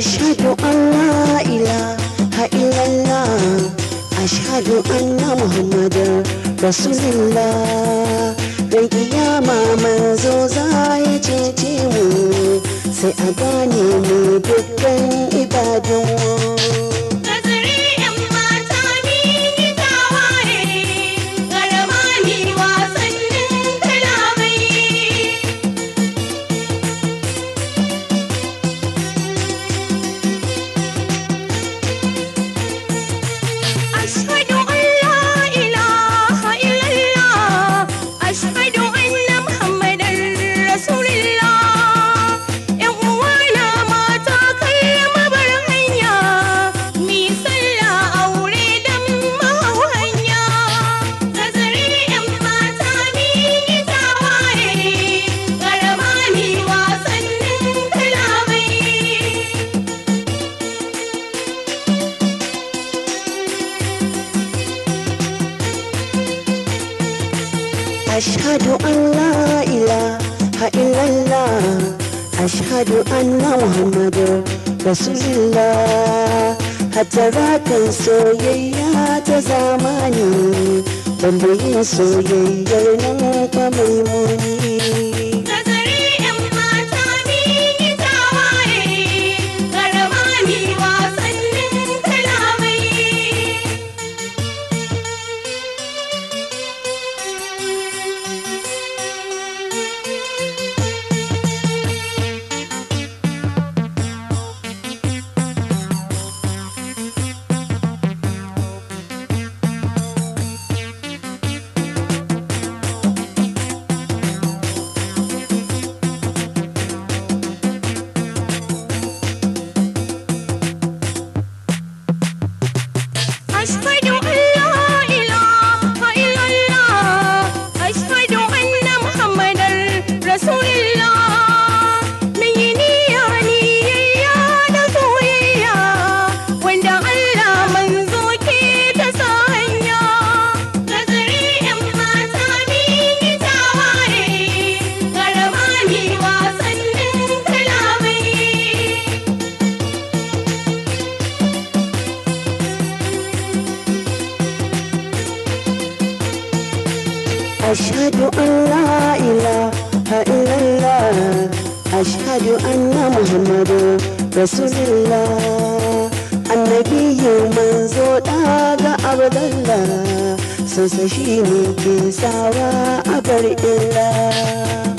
ashhadu an la ilaha illallah ashhadu anna muhammadar rasulullah dan kiyama manzo zai cece mu sai a gane mu dukkan ibadun ashhadu an la ilaha illallah ashhadu anna muhammadar rasulullah hatarakan soyayya ta zamani bambayin soyayyar nan kwa maimuni ashadu an la'ila a ilalla ashadu an na muhammadu rasulilla an na biyu manzo da ga abdalla sun ne ke sawa a bari illa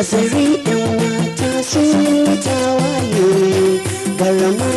asirin yan mata sun mutawa ne